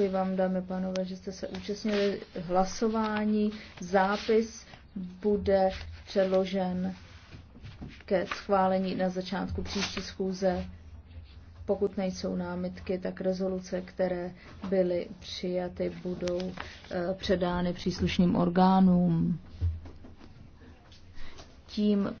Děkuji vám, dámy pánové, že jste se účastnili hlasování. Zápis bude předložen ke schválení na začátku příští schůze. Pokud nejsou námitky, tak rezoluce, které byly přijaty, budou eh, předány příslušným orgánům. Tím